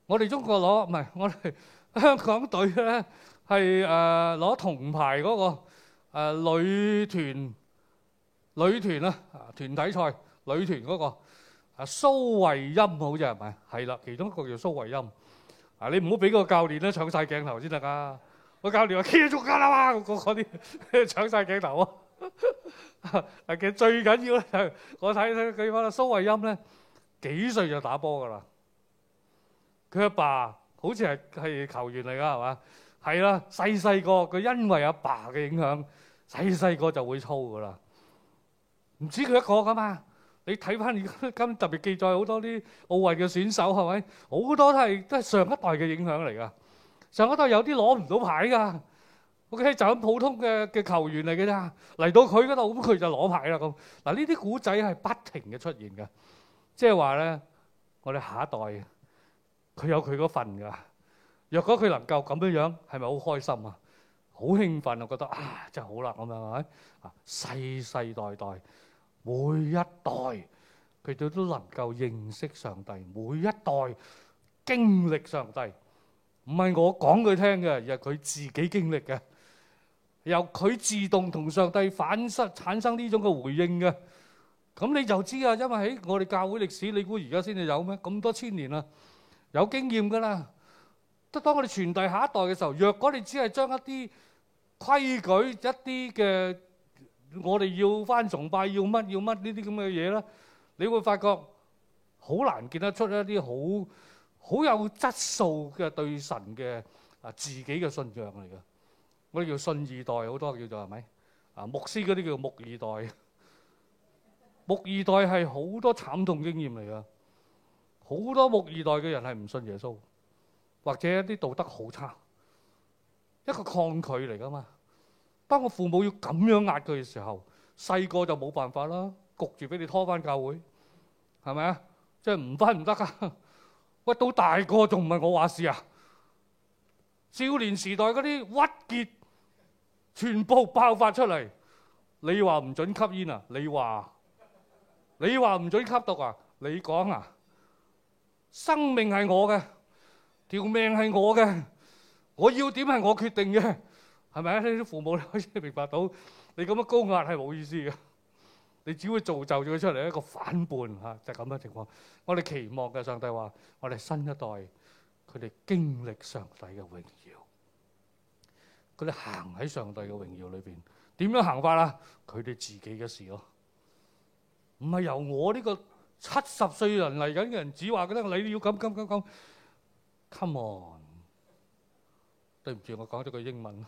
我哋中國攞，唔係我哋香港隊咧，係誒攞銅牌嗰個誒女團，女團啊，啊團體賽。女團嗰個啊蘇慧音好似係咪？係啦，其中一個叫蘇慧音啊！你唔好俾個教練咧搶晒鏡頭先得啊！個教練話 keep 住跟啊嘛，嗰啲搶晒鏡頭啊！其實最緊要咧，我睇睇佢翻啦。蘇慧音咧幾歲就打波噶啦？佢阿爸好似係係球員嚟噶係嘛？係啦，細細個佢因為阿爸嘅影響，細細個就會操噶啦。唔止佢一個噶嘛。你睇翻而今特別記載好多啲奧運嘅選手係咪？好多都係都係上一代嘅影響嚟噶。上一代有啲攞唔到牌噶，OK 就咁普通嘅嘅球員嚟嘅啫。嚟到佢嗰度，咁佢就攞牌啦。咁，嗱呢啲古仔係不停嘅出現嘅，即係話咧，我哋下一代佢有佢嗰份㗎。若果佢能夠咁樣樣，係咪好開心啊？好興奮啊！我覺得啊真係好啦，咁樣係咪？啊世世代代。每一代佢哋都能夠認識上帝，每一代經歷上帝，唔係我講佢聽嘅，而係佢自己經歷嘅，由佢自動同上帝反思產生呢種嘅回應嘅。咁你就知啊，因為喺我哋教會歷史，你估而家先至有咩？咁多千年啦，有經驗噶啦。當我哋傳遞下一代嘅時候，若果你只係將一啲規矩、一啲嘅，我哋要返崇拜，要乜要乜呢啲咁嘅嘢咧？你會發覺好難見得出一啲好好有質素嘅對神嘅啊自己嘅信仰嚟嘅。我哋叫信二代好多叫做係咪啊？牧師嗰啲叫牧二代，牧二代係好多慘痛經驗嚟㗎。好多牧二代嘅人係唔信耶穌，或者一啲道德好差，一個抗拒嚟㗎嘛。當我父母要咁樣壓佢嘅時候，細個就冇辦法啦，焗住俾你拖翻教會，係咪啊？即係唔翻唔得噶。喂，到大個仲唔係我話事啊？少年時代嗰啲鬱結，全部爆發出嚟。你話唔准吸煙啊？你話，你話唔准吸毒啊？你講啊？生命係我嘅，條命係我嘅，我要點係我決定嘅。係咪啊？啲父母咧，開始明白到你咁樣高壓係冇意思㗎，你只會造就咗出嚟一個反叛吓，就咁嘅情況。我哋期望嘅上帝話：我哋新一代，佢哋經歷上帝嘅榮耀，佢哋行喺上帝嘅榮耀裏邊，點樣行法啊？佢哋自己嘅事咯，唔係由我呢個七十歲人嚟緊嘅人只話佢咧，你要咁咁咁咁。Come on，對唔住，我講咗句英文。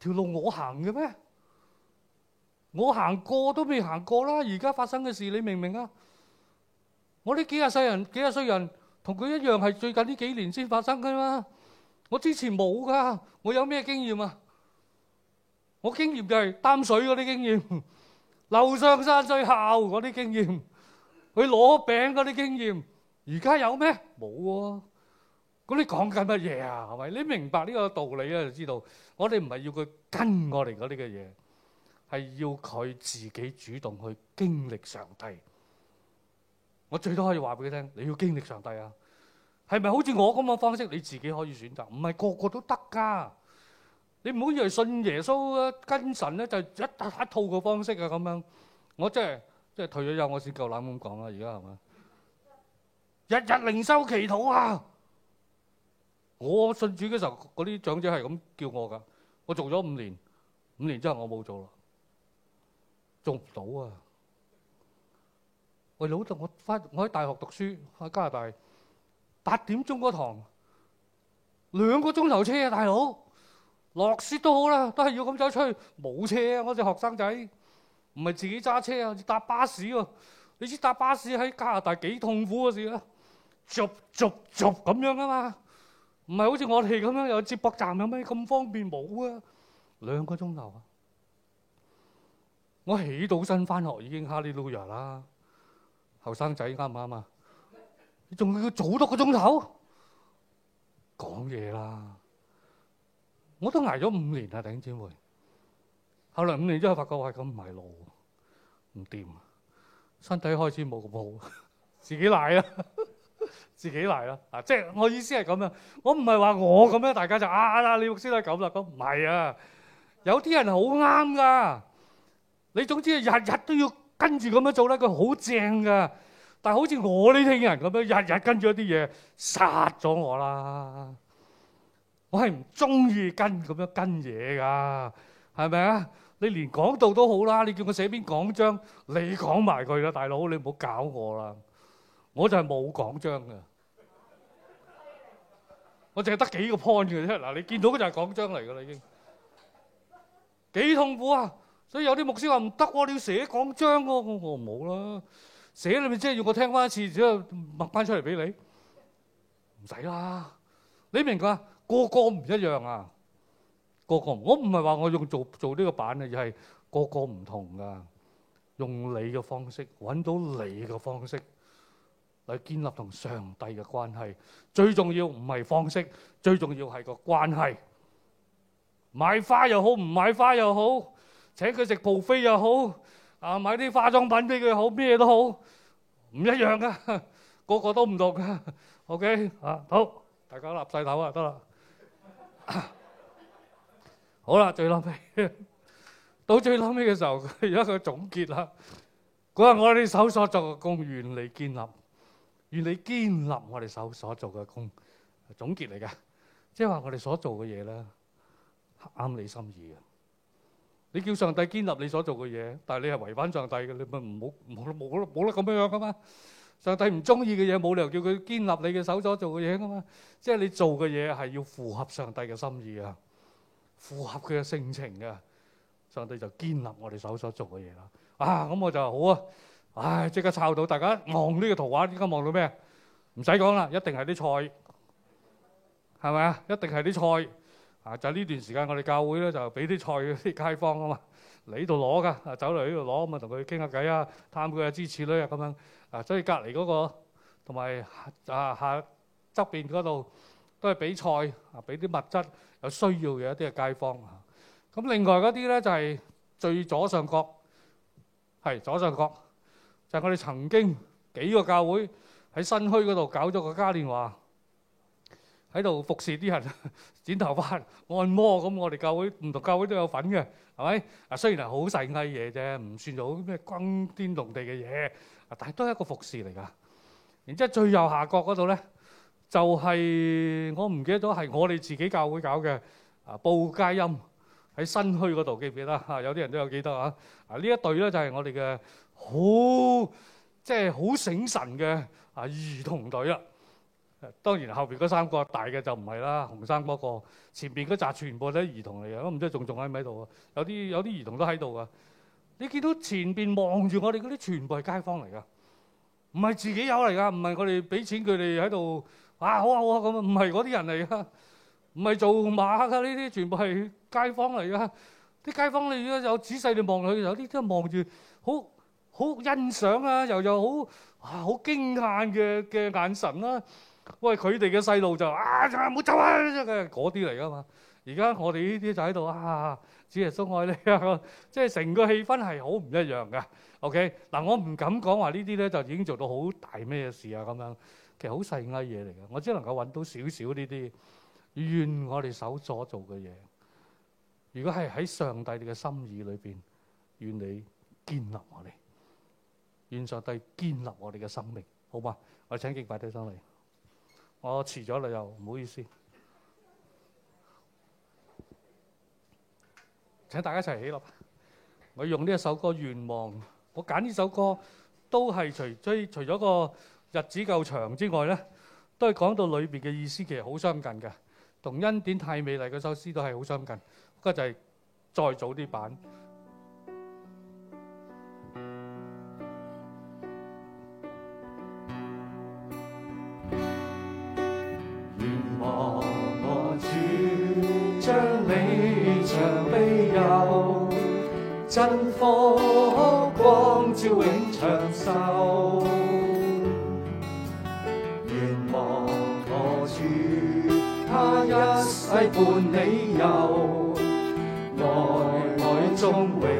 條路我行嘅咩？我行過都未行過啦！而家發生嘅事你明唔明啊？我呢幾廿世人、幾廿歲人同佢一樣，係最近呢幾年先發生噶嘛。我之前冇噶，我有咩經驗啊？我經驗就係擔水嗰啲經驗，流上山最孝嗰啲經驗，去攞餅嗰啲經驗，而家有咩？冇啊。咁你講緊乜嘢啊？係咪你明白呢個道理咧？就知道我哋唔係要佢跟我嚟嗰啲嘅嘢，係要佢自己主動去經歷上帝。我最多可以話俾佢聽，你要經歷上帝啊！係咪好似我咁嘅方式？你自己可以選擇，唔係個個都得㗎。你唔好以為信耶穌咧、啊、跟神咧、啊、就係、是、一一套嘅方式啊！咁樣我真係即係退咗休，我先夠膽咁講啦。而家係咪日日靈修祈禱啊？我信主嘅時候，嗰啲長者係咁叫我㗎。我做咗五年，五年之後我冇做啦，做唔到啊！喂，老豆，我翻我喺大學讀書喺加拿大，八點鐘嗰堂兩個鐘頭車啊！大佬落雪都好啦，都係要咁走出去冇車啊！我哋學生仔唔係自己揸車啊，要搭巴士喎、啊。你知搭巴士喺加拿大幾痛苦嘅事啦、啊？續續續咁樣啊嘛～唔係好似我哋咁樣有接駁站有麼，有咩咁方便？冇啊，兩個鐘頭啊！我起到身翻學已經哈利路亞啦！後生仔啱唔啱啊？你仲要早多個鐘頭？講嘢啦！我都挨咗五年啊，頂住會。後來五年之後發覺噉唔係路，唔掂，啊，身體開始冇咁好，自己賴啊。 自己嚟啦！啊，即係我意思係咁樣！我唔係話我咁樣，大家就啊啊，你玉師啦咁啦咁，唔係啊！有啲人好啱噶，你總之日日都要跟住咁樣做咧，佢好正噶。但係好似我呢啲人咁樣，日日跟住一啲嘢，殺咗我啦！我係唔中意跟咁樣跟嘢噶，係咪啊？你連講道都好啦，你叫我寫篇講章，你講埋佢啦，大佬，你唔好搞我啦！我就係冇講章噶。我淨係得幾個 point 嘅啫，嗱，你見到嗰就係講章嚟噶啦，已經幾痛苦啊！所以有啲牧師話唔得喎，你要寫講章喎，我冇啦，寫你咪即係要我聽翻一次，之後默翻出嚟俾你，唔使啦。你明㗎？個個唔一樣啊，個個不我唔係話我用做做呢個版啊，而係個個唔同噶，用你嘅方式揾到你嘅方式。找到去建立同上帝嘅關係，最重要唔係方式，最重要係個關係。買花又好，唔買花又好，請佢食 buffet 又好，啊買啲化妝品俾佢好，咩都好，唔一樣嘅，個個都唔同嘅。OK 啊，好，大家立細頭啊，得啦。好啦，最後尾到最後尾嘅時候，有一個總結啦。嗰日我哋手所作嘅公願嚟建立。願你堅立我哋手所做嘅工，總結嚟嘅，即係話我哋所做嘅嘢咧，啱你心意嘅。你叫上帝堅立你所做嘅嘢，但係你係違反上帝嘅，你咪唔好冇冇冇得咁樣樣噶嘛。上帝唔中意嘅嘢，冇理由叫佢堅立你嘅手所做嘅嘢噶嘛。即係你做嘅嘢係要符合上帝嘅心意啊，符合佢嘅性情嘅，上帝就堅立我哋手所做嘅嘢啦。啊，咁我就好啊。唉！即刻炒到大家望呢個圖畫，應該望到咩？唔使講啦，一定係啲菜，係咪啊？一定係啲菜啊！就呢段時間，我哋教會咧就俾啲菜啲街坊啊嘛，嚟呢度攞噶啊，走嚟呢度攞咁啊，同佢傾下偈啊，探佢啊，支持你啊咁樣啊。所以隔離嗰個同埋啊下側邊嗰度都係俾菜啊，俾啲物質有需要嘅一啲嘅街坊啊。咁另外嗰啲咧就係最左上角係左上角，就係、是、我哋曾經幾個教會喺新墟嗰度搞咗個嘉年華，喺度服侍啲人剪頭髮、按摩咁。我哋教會唔同教會都有份嘅，係咪？啊，雖然係好細翳嘢啫，唔算做咩轟天動地嘅嘢，啊，但係都係一個服侍嚟㗎。然之後最右下角嗰度咧，就係、是、我唔記得咗係我哋自己教會搞嘅啊布街音喺新墟嗰度，記唔記得啊？有啲人都有記得啊！啊呢一隊咧就係、是、我哋嘅。好即係好醒神嘅啊！兒童隊啦、啊，當然後邊嗰三個大嘅就唔係啦。紅衫嗰個，個前邊嗰紮全部都係兒童嚟嘅，我唔知仲仲喺唔喺度喎？有啲有啲兒童都喺度噶。你見到前邊望住我哋嗰啲，全部係街坊嚟噶，唔係自己友嚟噶，唔係我哋俾錢佢哋喺度啊！好啊好啊，咁唔係嗰啲人嚟啊，唔係做馬噶呢啲，全部係街坊嚟噶。啲街坊你如果有仔細地望落去，有啲真係望住好。好欣賞啊！又又好啊，好驚訝嘅嘅眼神啦、啊。喂，佢哋嘅細路就，啊，啊，啊，就啊，啊，啊，就唔好走啊！即嗰啲嚟噶嘛。而家我哋呢啲就喺度啊，只係鬆開你啊，即係成個氣氛係好唔一樣嘅。OK，嗱、啊，我唔敢講話呢啲咧，就已經做到好大咩事啊咁樣。其實好細嘅嘢嚟嘅，我只能夠揾到少少呢啲願我哋手所做嘅嘢。如果係喺上帝嘅心意裏邊，願你建立我哋。願上帝建立我哋嘅生命，好嘛？我請敬拜隊上嚟，我遲咗啦又唔好意思。請大家一齊起，起立。我用呢一首，首歌《願望》，我揀呢首歌都係除，所除咗個日子夠長之外咧，都係講到裏邊嘅意思，其實好相近嘅，同恩典太美麗嗰首詩都係好相近。不過就係再早啲版。真福光照永長壽，願望托住他一世伴你遊，來來終永。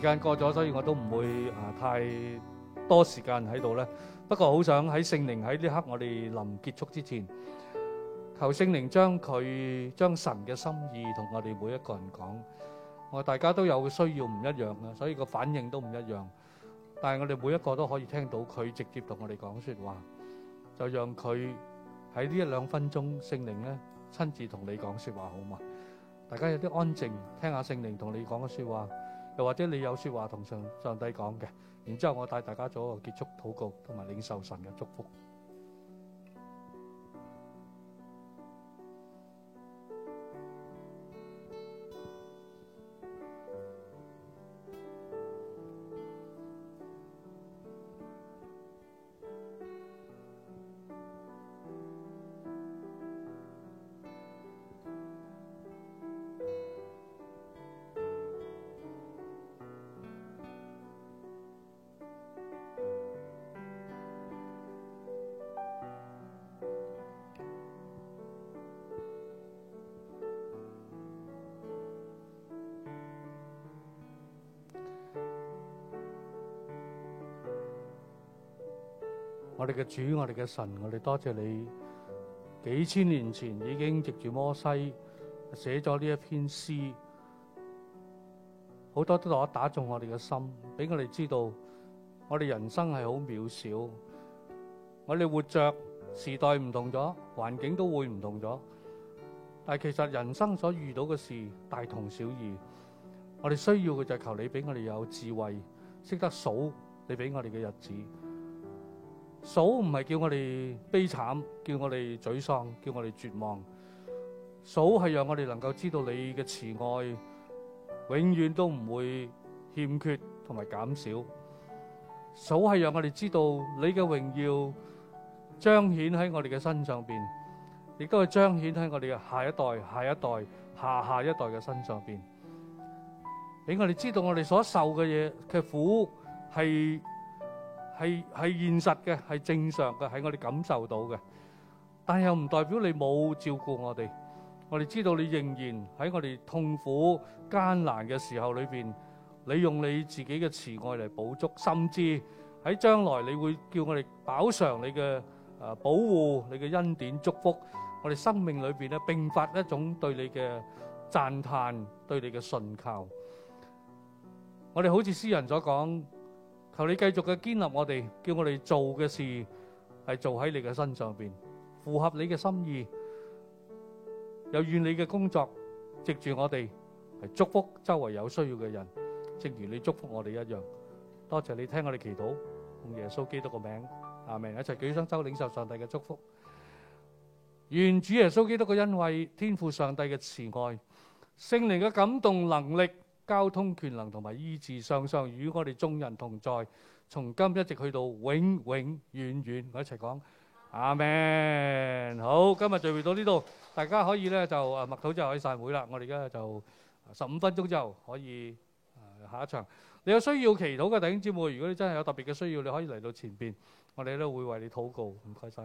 時間過咗，所以我都唔會啊太多時間喺度咧。不過好想喺聖靈喺呢刻，我哋臨結束之前，求聖靈將佢將神嘅心意同我哋每一個人講。我大家都有需要唔一樣啊，所以個反應都唔一樣。但係我哋每一個都可以聽到佢直接同我哋講說話，就讓佢喺呢一兩分鐘，聖靈咧親自同你講說話好嘛？大家有啲安靜，聽下聖靈同你講嘅說話。又或者你有說話同上上帝講嘅，然之後我帶大家做一個結束禱告，同埋領受神嘅祝福。我哋嘅主，我哋嘅神，我哋多謝你。幾千年前已經藉住摩西寫咗呢一篇詩，好多都可打中我哋嘅心，俾我哋知道我哋人生係好渺小。我哋活着時代唔同咗，環境都會唔同咗，但係其實人生所遇到嘅事大同小異。我哋需要嘅就係求你俾我哋有智慧，識得數你俾我哋嘅日子。數唔係叫我哋悲慘，叫我哋沮喪，叫我哋絕望。數係讓我哋能夠知道你嘅慈愛永遠都唔會欠缺同埋減少。數係讓我哋知道你嘅榮耀彰顯喺我哋嘅身上邊，亦都係彰顯喺我哋嘅下一代、下一代、下下一代嘅身上邊，俾我哋知道我哋所受嘅嘢嘅苦係。係係現實嘅，係正常嘅，係我哋感受到嘅。但係又唔代表你冇照顧我哋。我哋知道你仍然喺我哋痛苦艱難嘅時候裏邊，你用你自己嘅慈愛嚟補足，甚至喺將來你會叫我哋飽嘗你嘅誒保護、你嘅恩典、祝福。我哋生命裏邊咧，並發一種對你嘅讚嘆、對你嘅信靠。我哋好似詩人所講。求你繼續嘅堅立我哋，叫我哋做嘅事係做喺你嘅身上邊，符合你嘅心意。又願你嘅工作藉住我哋係祝福周圍有需要嘅人，正如你祝福我哋一樣。多謝你聽我哋祈禱，用耶穌基督嘅名，阿門！一齊舉雙手領受上帝嘅祝福。願主耶穌基督嘅恩惠、天父上帝嘅慈愛、聖靈嘅感動能力、交通權能同埋醫治雙雙與我哋眾人同在，從今一直去到永永遠遠，我一齊講阿們。好，今日聚會到呢度，大家可以咧就默禱之後可以散會啦。我哋而家就十五分鐘之後可以、呃、下一場。你有需要祈禱嘅弟兄姊妹，如果你真係有特別嘅需要，你可以嚟到前邊，我哋都會為你禱告。唔該晒。